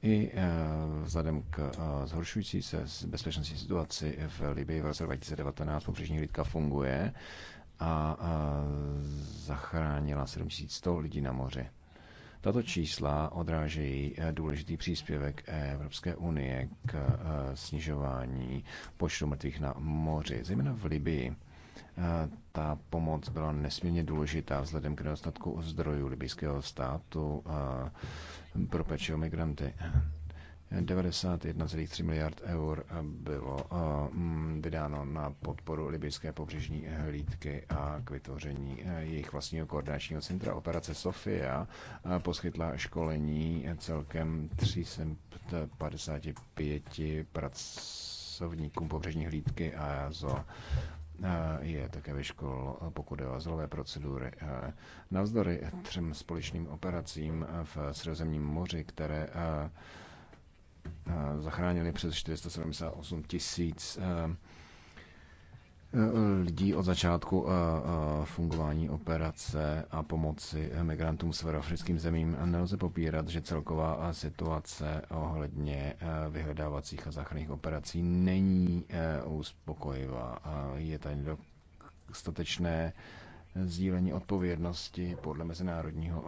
I eh, vzhledem k eh, zhoršující se bezpečnostní situaci v Libii v roce 2019 pobřežní hlídka funguje a zachránila 7100 lidí na moři. Tato čísla odrážejí eh, důležitý příspěvek eh, Evropské unie k eh, snižování počtu mrtvých na moři, zejména v Libii. Ta pomoc byla nesmírně důležitá vzhledem k nedostatku zdrojů libijského státu pro péči o migranty. 91,3 miliard eur bylo eh, mm, vydáno na podporu libyjské pobřežní hlídky a k vytvoření eh, jejich vlastního koordinačního centra. Operace Sofia eh, poskytla školení celkem 355 pracovníkům pobřežní hlídky a zo je také vyškol, pokud je o azylové procedury. Navzdory třem společným operacím v Sredozemním moři, které Eh, zachránili přes 478 tisíc eh, eh, lidí od začátku fungování operace a pomoci migrantům verofrickým zemím. Nelze popírat, že celková situace ohledně vyhledávacích a záchranných operací není uspokojivá. Je tady dostatečné sdílení odpovědnosti podle mezinárodního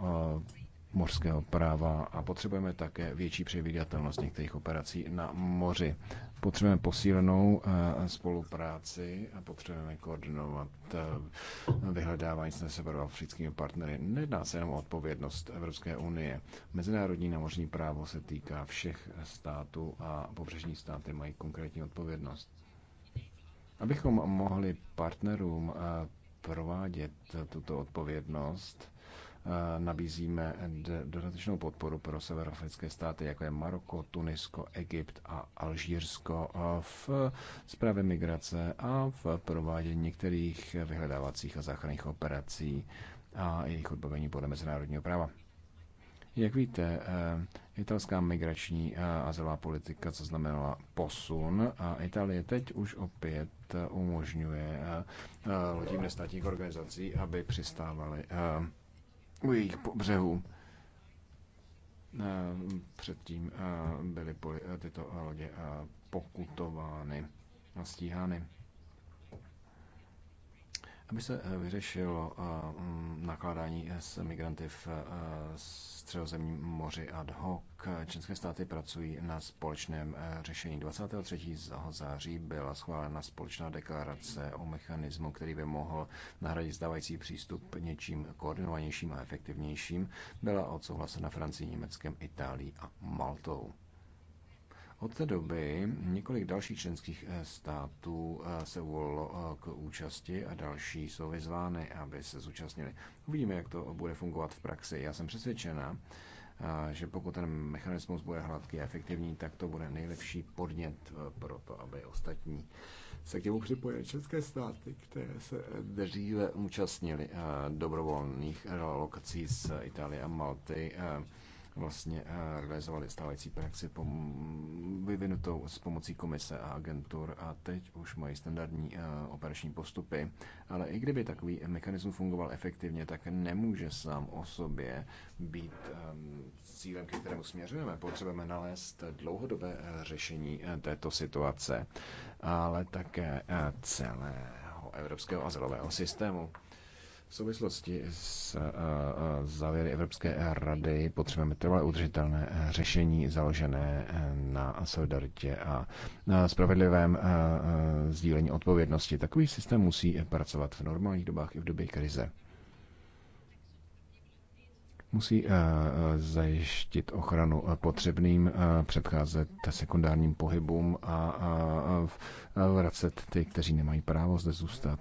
mořského práva a potřebujeme také větší předvídatelnost některých operací na moři. Potřebujeme posílenou eh, spolupráci a potřebujeme koordinovat eh, vyhledávání s severoafrickými partnery. Nedá se jenom o odpovědnost Evropské unie. Mezinárodní námořní právo se týká všech států a pobřežní státy mají konkrétní odpovědnost. Abychom mohli partnerům eh, provádět tuto odpovědnost, Eh, nabízíme dodatečnou podporu pro severoafrické státy, jako je Maroko, Tunisko, Egypt a Alžírsko eh, v zprávě migrace a v provádění některých vyhledávacích a záchranných operací a jejich odbavení podle mezinárodního práva. Jak víte, eh, italská migrační a azylová politika zaznamenala posun a Itálie teď už opět umožňuje lodím nestátních organizací, aby přistávaly u jejich břehů. Eh, předtím eh, byly tyto lodě eh, pokutovány a stíhány aby se eh, vyřešilo eh, mm, nakládání eh, s migranty v středozemním moři ad hoc. České státy pracují na společném řešení. 23. září byla schválena společná deklarace o mechanismu, který by mohl nahradit stávající přístup něčím koordinovanějším a efektivnějším. Byla odsouhlasena Francií, Německem, Itálií a Maltou. Od té doby několik dalších členských eh, států eh, se uvolilo eh, k účasti a další jsou vyzvány, aby se zúčastnili. Uvidíme, jak to bude fungovat v praxi. Já jsem přesvědčena, že pokud ten mechanismus bude hladký a efektivní, tak to bude nejlepší podnět pro to, aby ostatní se k němu připojili. české státy, které se dříve účastnili dobrovolných relokací z Itálie a Malty vlastně eh, realizovali stávající praxi vyvinutou s pomocí komise a agentur a teď už mají standardní eh, operační postupy. Ale i kdyby takový mechanismus fungoval efektivně, tak nemůže sám o sobě být eh, cílem, ke kterému směřujeme. Potřebujeme nalézt dlouhodobé řešení této situace, ale také celého evropského azylového systému. V souvislosti s eh, eh, závěry Evropské rady potřebujeme trvalé udržitelné eh, řešení založené na solidaritě a na spravedlivém sdílení odpovědnosti. Takový systém musí pracovat v normálních dobách i v době krize musí eh, eh, zajištit ochranu eh, potřebným, předcházet sekundárním pohybům a vracet ty, kteří nemají právo zde zůstat.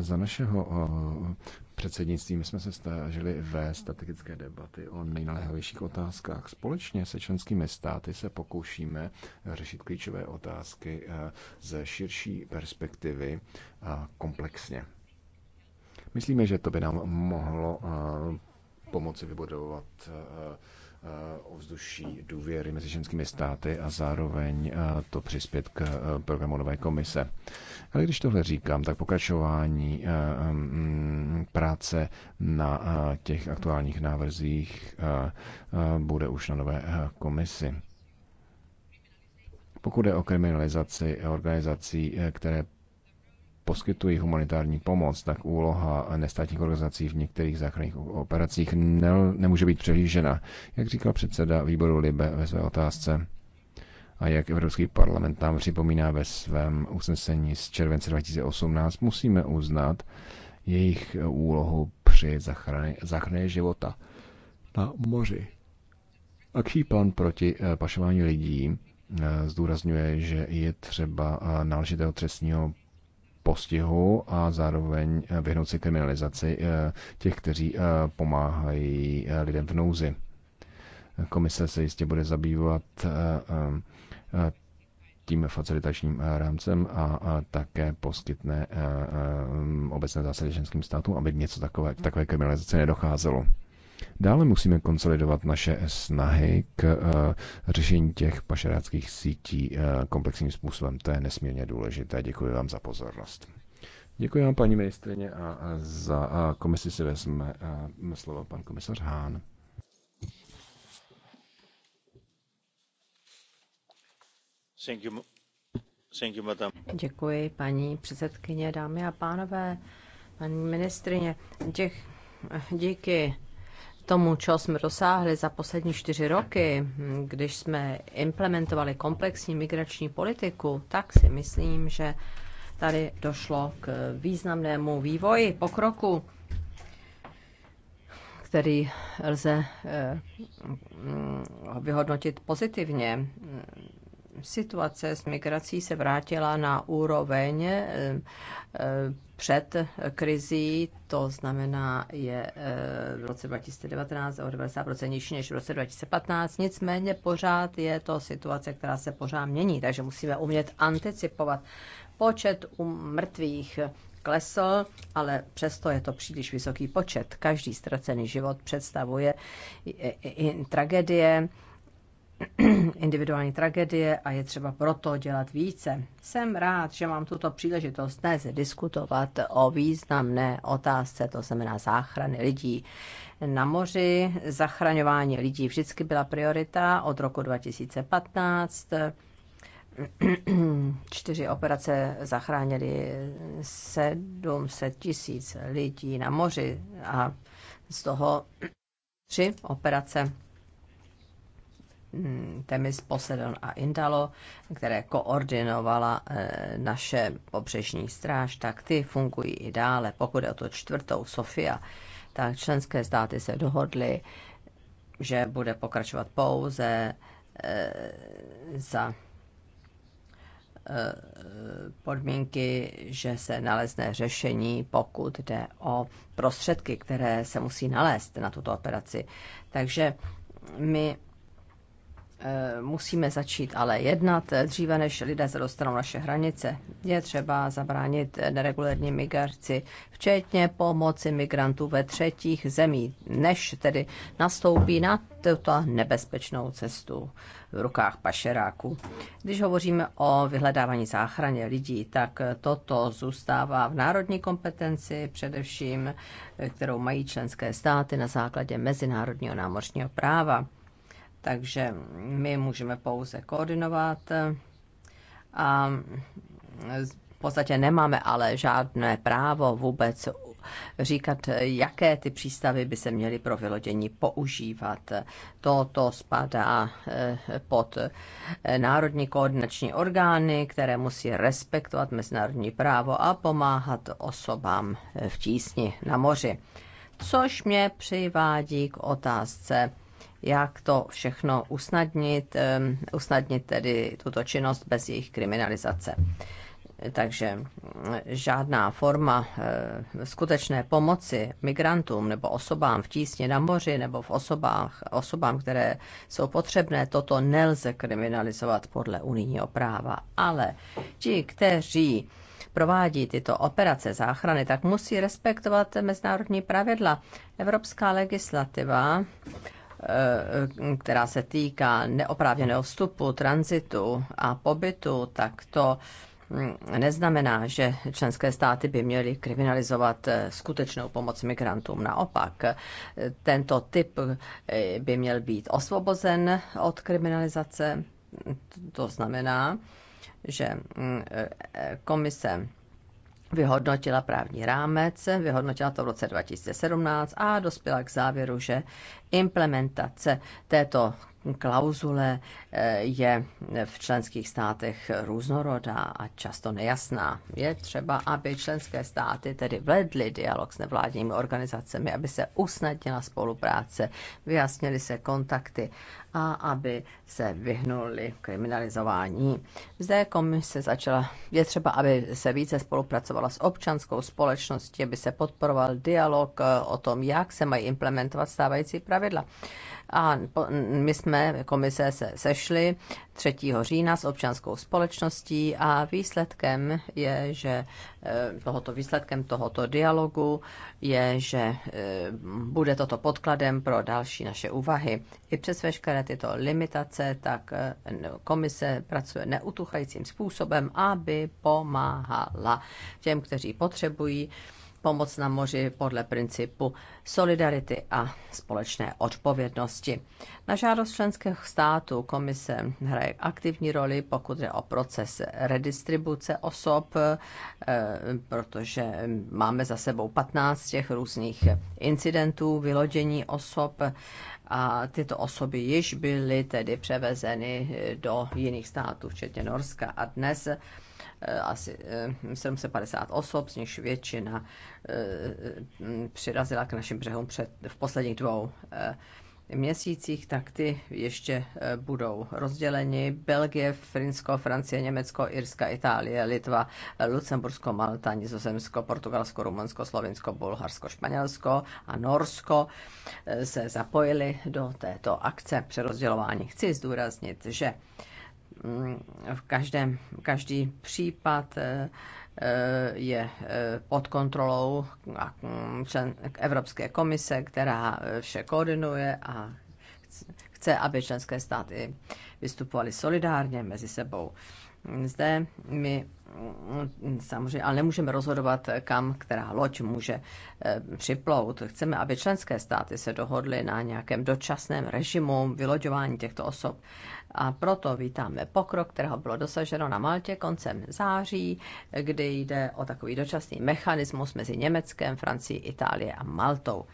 Za našeho předsednictví my jsme se snažili ve strategické debaty o nejnaléhavějších otázkách. Společně se členskými státy se pokoušíme řešit klíčové otázky ze širší perspektivy a komplexně. Myslíme, že to by nám mohlo pomoci vybudovat eh, eh, ovzduší důvěry mezi ženskými státy a zároveň eh, to přispět k programu nové komise. Ale když tohle říkám, tak pokračování mm, práce na těch aktuálních návrzích bude už na nové komisi. Pokud je o kriminalizaci organizací, které poskytují humanitární pomoc, tak úloha nestátních organizací v některých záchranných operacích ne, nemůže být přehlížena, jak říkal předseda výboru Libe ve své otázce a jak Evropský parlament nám připomíná ve svém usnesení z července 2018, musíme uznat jejich úlohu při záchraně, života na moři. Akší plán proti eh, pašování lidí eh, zdůrazňuje, že je třeba eh, náležitého trestního postihu a zároveň eh, vyhnout se kriminalizaci eh, těch, kteří eh, pomáhají lidem v nouzi. Komise se jistě bude zabývat tím facilitačním rámcem a také poskytne obecné zásady ženským státům, aby něco takové, takové kriminalizace nedocházelo. Dále musíme konsolidovat naše snahy k eh, řešení těch pašeráckých sítí eh, komplexním způsobem. To je nesmírně důležité. Děkuji vám za pozornost. Děkuji vám, paní ministrině, a za komisi si vezme slovo pan komisař Hán. madam. Děkuji, paní předsedkyně, dámy a pánové, paní ministrině. Těch, díky tomu, co jsme dosáhli za poslední čtyři roky, když jsme implementovali komplexní migrační politiku, tak si myslím, že tady došlo k významnému vývoji, pokroku, který lze eh, vyhodnotit pozitivně situace s migrací se vrátila na úroveň eh, eh, před krizí, to znamená je eh, v roce 2019 o 90% nižší než v roce 2015, nicméně pořád je to situace, která se pořád mění, takže musíme umět anticipovat. Počet mrtvých klesl, ale přesto je to příliš vysoký počet. Každý ztracený život představuje i, i, i tragédie, individuální tragédie a je třeba proto dělat více. Jsem rád, že mám tuto příležitost dnes diskutovat o významné otázce, to znamená záchrany lidí na moři. Zachraňování lidí vždycky byla priorita od roku 2015. Čtyři operace zachránili 700 tisíc lidí na moři a z toho tři operace Mm, Temis, Poseidon a Indalo, které koordinovala eh, naše pobřežní stráž, tak ty fungují i dále. Pokud je o to čtvrtou Sofia, tak členské státy se dohodly, že bude pokračovat pouze eh, za eh, podmínky, že se nalezne řešení, pokud jde o prostředky, které se musí nalézt na tuto operaci. Takže my Eh, musíme začít ale jednat dříve, než lidé se dostanou naše hranice. Je třeba zabránit neregulární migraci, včetně pomoci migrantů ve třetích zemí, než tedy nastoupí na tuto nebezpečnou cestu v rukách pašeráků. Když hovoříme o vyhledávání záchraně lidí, tak toto zůstává v národní kompetenci, především eh, kterou mají členské státy na základě mezinárodního námořního práva. Takže my můžeme pouze koordinovat a v podstatě nemáme ale žádné právo vůbec říkat, jaké ty přístavy by se měly pro vylodění používat. Toto spadá eh, pod eh, národní koordinační orgány, které musí respektovat mezinárodní právo a pomáhat osobám eh, v tísni na moři. Což mě přivádí k otázce jak to všechno usnadnit, usnadnit tedy tuto činnost bez jejich kriminalizace. Takže žádná forma eh, skutečné pomoci migrantům nebo osobám v tísně na moři nebo v osobách, osobám, které jsou potřebné, toto nelze kriminalizovat podle unijního práva. Ale ti, kteří provádí tyto operace záchrany, tak musí respektovat mezinárodní pravidla. Evropská legislativa Eh, která se týká neoprávněného vstupu, tranzitu a pobytu, tak to mm, neznamená, že členské státy by měly kriminalizovat eh, skutečnou pomoc migrantům. Naopak, eh, tento typ by měl být osvobozen od kriminalizace. To znamená, že mm, komise vyhodnotila právní rámec, vyhodnotila to v roce 2017 a dospěla k závěru, že implementace této klauzule eh, je v členských státech různorodá a často nejasná. Je třeba, aby členské státy tedy vedly dialog s nevládními organizacemi, aby se usnadnila spolupráce, vyjasnily se kontakty a aby se vyhnuli kriminalizování. Zde komise začala, je třeba, aby se více spolupracovala s občanskou společností, aby se podporoval dialog eh, o tom, jak se mají implementovat stávající pravidla. A my jsme, komise se sešli 3. října s občanskou společností a výsledkem je, že eh, tohoto výsledkem tohoto dialogu je, že eh, bude toto podkladem pro další naše úvahy. I přes veškeré tyto limitace, tak eh, komise pracuje neutuchajícím způsobem, aby pomáhala těm, kteří potřebují pomoc na moři podle principu solidarity a společné odpovědnosti. Na žádost členských států komise hraje aktivní roli, pokud je o proces redistribuce osob, eh, protože máme za sebou 15 těch různých incidentů, vylodění osob a tyto osoby již byly tedy převezeny do jiných států, včetně Norska a dnes Eh, asi 750 eh, osob, z nichž většina eh, přirazila k našim břehům před, v posledních dvou měsících, tak ty ještě budou rozděleni. Belgie, Frinsko, Francie, Německo, Irska, Itálie, Litva, Lucembursko, Malta, Nizozemsko, Portugalsko, Rumunsko, Slovinsko, Bulharsko, Španělsko a Norsko se zapojili do této akce přerozdělování. Chci zdůraznit, že v každém, každý případ eh, eh, je eh, pod kontrolou mm, Evropské komise, která vše koordinuje a chce, aby členské státy vystupovaly solidárně mezi sebou. Zde my mm, samozřejmě, ale nemůžeme rozhodovat, kam která loď může připlout. Chceme, aby členské státy se dohodly na nějakém dočasném režimu vyloďování těchto osob a proto vítáme pokrok, kterého bylo dosaženo na Maltě koncem září, kdy jde o takový dočasný mechanismus mezi Německem, Francií, Itálií a Maltou.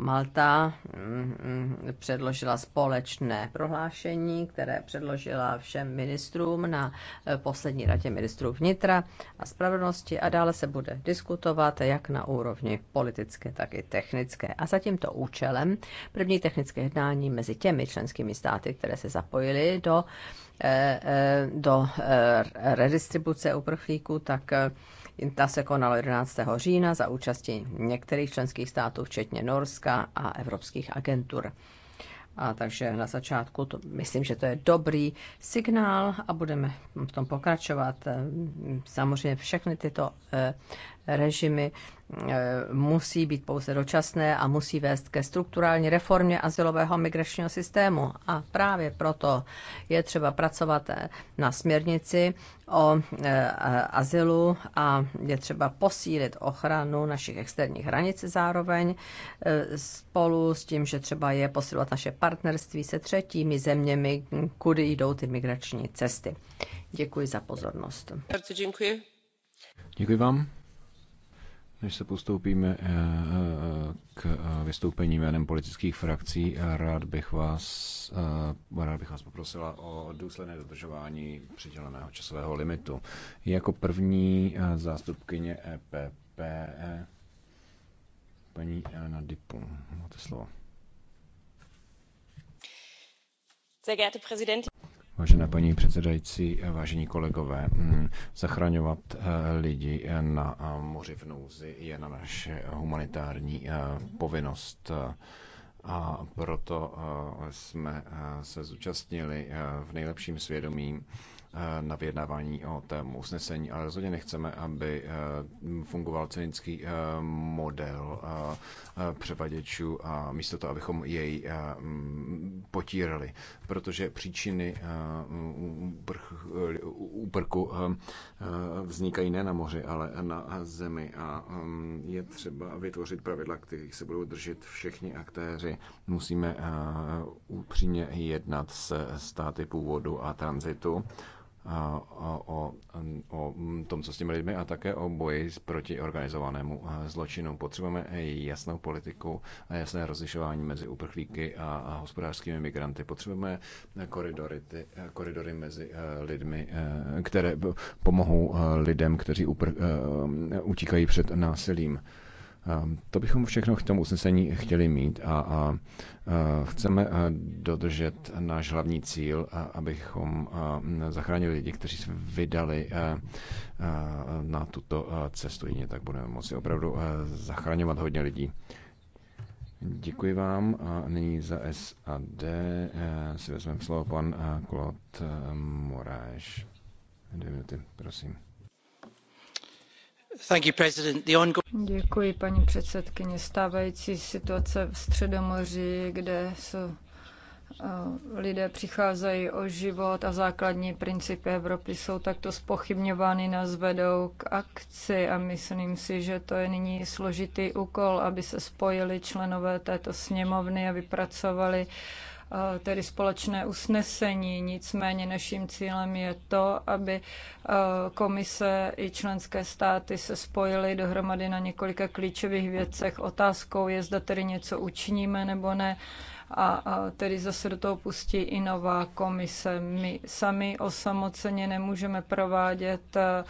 Malta mm, mm, předložila společné prohlášení, které předložila všem ministrům na eh, poslední radě ministrů vnitra a spravedlnosti a dále se bude diskutovat jak na úrovni politické, tak i technické. A za tímto účelem první technické jednání mezi těmi členskými státy, které se zapojily do, eh, eh, do redistribuce uprchlíků, tak ta se konala 11. října za účasti některých členských států, včetně Norska a evropských agentur. A takže na začátku to, myslím, že to je dobrý signál a budeme v tom pokračovat. Samozřejmě všechny tyto eh, režimy eh, musí být pouze dočasné a musí vést ke strukturální reformě asilového migračního systému. A právě proto je třeba pracovat eh, na směrnici o eh, azylu a je třeba posílit ochranu našich externích hranic zároveň spolu s tím, že třeba je posilovat naše partnerství se třetími zeměmi, kudy jdou ty migrační cesty. Děkuji za pozornost. Děkuji vám. Než se postoupíme eh, eh, k eh, vystoupení jménem politických frakcí, rád bych vás, rád bych vás poprosila o důsledné dodržování přiděleného časového limitu. Jako první zástupkyně EPP paní Elena Dipu. Máte slovo. Sehr geehrte Präsidentin. Vážená paní předsedající, vážení kolegové, mm, zachraňovat eh, lidi eh, na eh, moři v nouzi je na naše humanitární povinnost. A proto jsme se zúčastnili v nejlepším svědomí Eh, na vyjednávání o tém usnesení, ale rozhodně nechceme, aby eh, fungoval cynický eh, model převaděčů a místo toho, abychom jej mm, potírali, protože příčiny úprku vznikají ne na moři, ale na zemi a mm, je třeba vytvořit pravidla, kterých se budou držet všichni aktéři. Musíme upřímně jednat se státy původu a tranzitu a, a, o, o tom, co s těmi lidmi, a také o boji proti organizovanému eh, zločinu. Potřebujeme eh, jasnou politiku a jasné rozlišování mezi uprchlíky a, a hospodářskými migranty. Potřebujeme eh, koridory, ty, koridory mezi lidmi, které pomohou lidem, kteří upr, utíkají před násilím. Ehm, to bychom všechno k tomu usnesení chtěli mít a, a, a e, chceme e, dodržet náš hlavní cíl, a, abychom a, e, zachránili lidi, kteří se vydali a, a, na tuto cestu. Jině tak budeme moci opravdu zachraňovat hodně lidí. Děkuji vám a nyní za SAD si vezmeme slovo pan Klot Moráš. Dvě minuty, prosím. Děkuji, paní předsedkyně. Stávající situace v Středomoří, kde eh, lidé přicházejí o život a základní principy Evropy jsou takto zpochybňovány nás vedou k akci a myslím si, že to je nyní složitý úkol, aby se spojili členové této sněmovny a vypracovali Eh, tedy společné usnesení. Nicméně naším cílem je to, aby eh, komise i členské státy se spojily dohromady na několika klíčových věcech. Otázkou je, zda tedy něco učiníme nebo ne a, a tedy zase do toho pustí i nová komise. My sami osamoceně nemůžeme provádět e,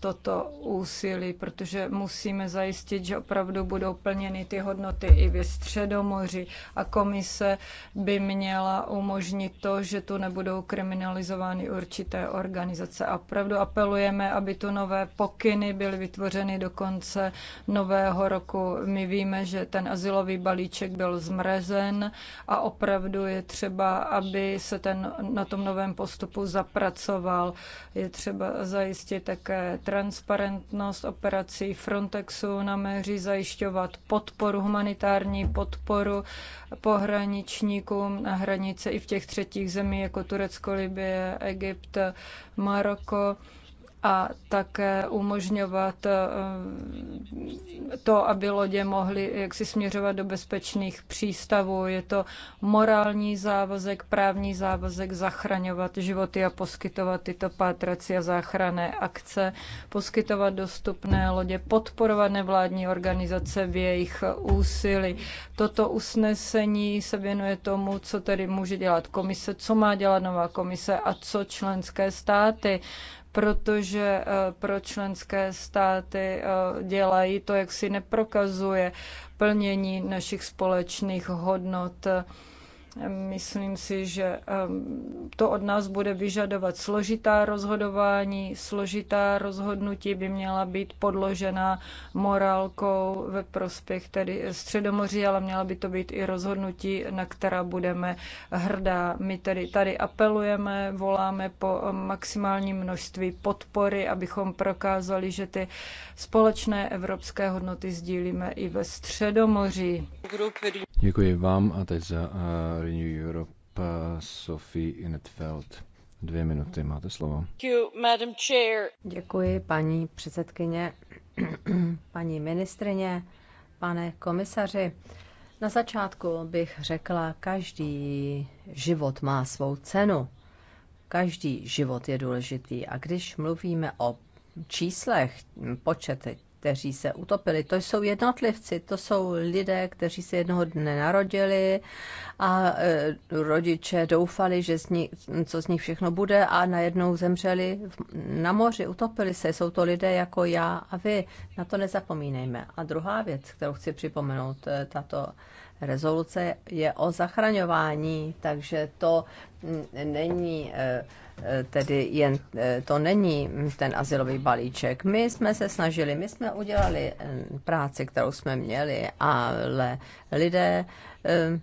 toto úsilí, protože musíme zajistit, že opravdu budou plněny ty hodnoty i ve Středomoři a komise by měla umožnit to, že tu nebudou kriminalizovány určité organizace. A opravdu apelujeme, aby tu nové pokyny byly vytvořeny do konce nového roku. My víme, že ten asilový balíček byl zmrazen, a opravdu je třeba, aby se ten na tom novém postupu zapracoval. Je třeba zajistit také transparentnost operací Frontexu na méři, zajišťovat podporu, humanitární podporu pohraničníkům na hranice i v těch třetích zemích, jako Turecko, Libie, Egypt, Maroko a také umožňovat eh, to, aby lodě mohly jaksi směřovat do bezpečných přístavů. Je to morální závazek, právní závazek zachraňovat životy a poskytovat tyto pátrací a záchranné akce, poskytovat dostupné lodě, podporovat nevládní organizace v jejich úsilí. Toto usnesení se věnuje tomu, co tedy může dělat komise, co má dělat nová komise a co členské státy protože eh, pro členské státy eh, dělají to, jak si neprokazuje plnění našich společných hodnot. Myslím si, že ehm, to od nás bude vyžadovat složitá rozhodování, složitá rozhodnutí by měla být podložena morálkou ve prospěch tedy Středomoří, ale měla by to být i rozhodnutí, na která budeme hrdá. My tedy tady apelujeme, voláme po maximální množství podpory, abychom prokázali, že ty společné evropské hodnoty sdílíme i ve Středomoří. Děkuji vám a teď za eh, Renew Europe eh, Sophie Inetfeld. Dvě minuty, máte slovo. Děkuji, paní předsedkyně, paní ministrině, pane komisaři. Na začátku bych řekla, každý život má svou cenu. Každý život je důležitý. A když mluvíme o číslech, počet kteří se utopili. To jsou jednotlivci, to jsou lidé, kteří se jednoho dne narodili a e, rodiče doufali, že z ní, co z nich všechno bude a najednou zemřeli na moři, utopili se. Jsou to lidé jako já a vy. Na to nezapomínejme. A druhá věc, kterou chci připomenout, e, tato rezoluce je o zachraňování, takže to není eh, eh, tedy jen, eh, to není ten asilový balíček. My jsme se snažili, my jsme udělali práci, kterou jsme měli, ale lidé Ehm,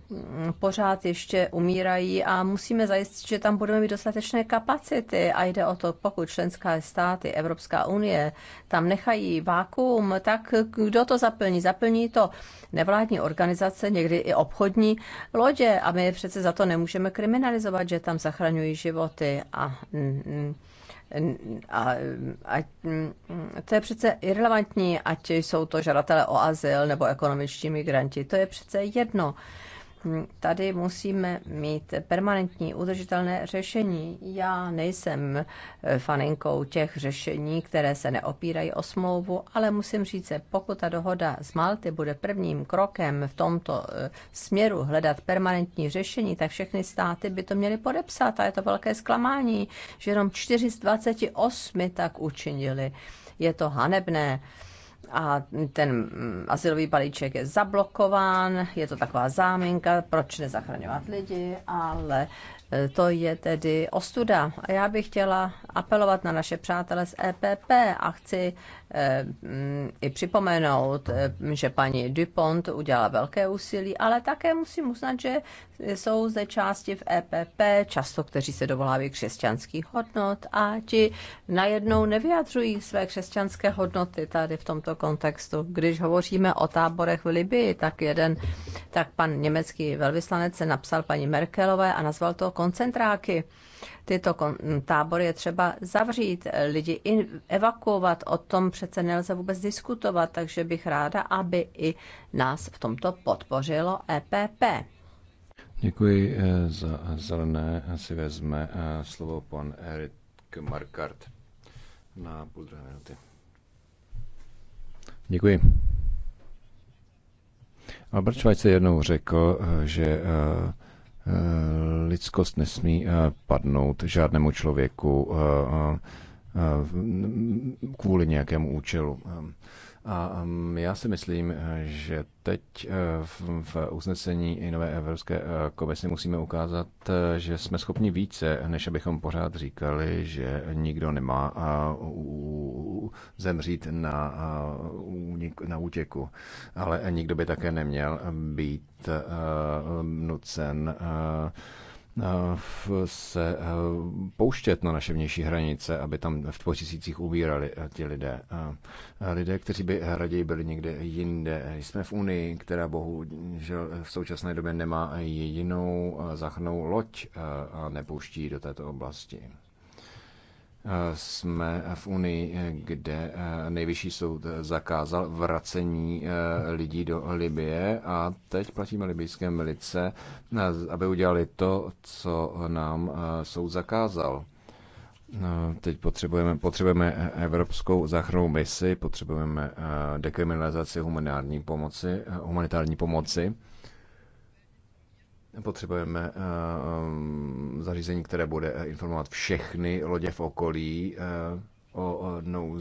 pořád ještě umírají a musíme zajistit, že tam budeme mít dostatečné kapacity a jde o to, pokud členské státy Evropská unie tam nechají vákuum, tak kdo to zaplní? Zaplní to nevládní organizace, někdy i obchodní lodě a my přece za to nemůžeme kriminalizovat, že tam zachraňují životy a mm, mm a, a, to je přece irrelevantní, ať jsou to žadatelé o azyl nebo ekonomičtí migranti. To je přece jedno tady musíme mít permanentní udržitelné řešení. Já nejsem faninkou těch řešení, které se neopírají o smlouvu, ale musím říct, že pokud ta dohoda z Malty bude prvním krokem v tomto eh, směru hledat permanentní řešení, tak všechny státy by to měly podepsat a je to velké zklamání, že jenom 428 tak učinili. Je to hanebné a ten mm, asilový balíček je zablokován, je to taková záminka, proč nezachraňovat lidi, ale e, to je tedy ostuda. A já bych chtěla apelovat na naše přátele z EPP a chci e, mm, i připomenout, e, že paní Dupont udělala velké úsilí, ale také musím uznat, že jsou zde části v EPP, často kteří se dovolávají křesťanských hodnot a ti najednou nevyjadřují své křesťanské hodnoty tady v tomto kontextu. Když hovoříme o táborech v Libii, tak jeden, tak pan německý velvyslanec se napsal paní Merkelové a nazval to koncentráky tyto tábory je třeba zavřít, lidi evakuovat, o tom přece nelze vůbec diskutovat, takže bych ráda, aby i nás v tomto podpořilo EPP. Děkuji eh, za zelené. Asi vezme eh, slovo pan Erik Markart na půl druhé minuty. Děkuji. Albert Schweitzer jednou řekl, eh, že lidskost nesmí padnout žádnému člověku kvůli nějakému účelu. A um, já si myslím, eh, že teď eh, v usnesení i nové Evropské eh, komise musíme ukázat, že jsme schopni více, než abychom pořád říkali, že nikdo nemá zemřít na, na útěku. Ale nikdo by také neměl být nucen Eh, se eh, pouštět na naše vnější hranice, aby tam v tvořících ubírali eh, ti lidé. Lidé, kteří by raději byli někde jinde. Jsme v Unii, která bohužel v současné době nemá jedinou záchrannou loď a nepouští do této oblasti jsme v Unii, kde eh, nejvyšší soud zakázal vracení eh, lidí do Libie a teď platíme libijské milice, eh, aby udělali to, co nám soud zakázal. Teď potřebujeme, potřebujeme evropskou záchrannou misi, potřebujeme dekriminalizaci humanitární pomoci, humanitární pomoci Potřebujeme eh, eh, zařízení, které bude eh, informovat všechny lodě v okolí o nouze.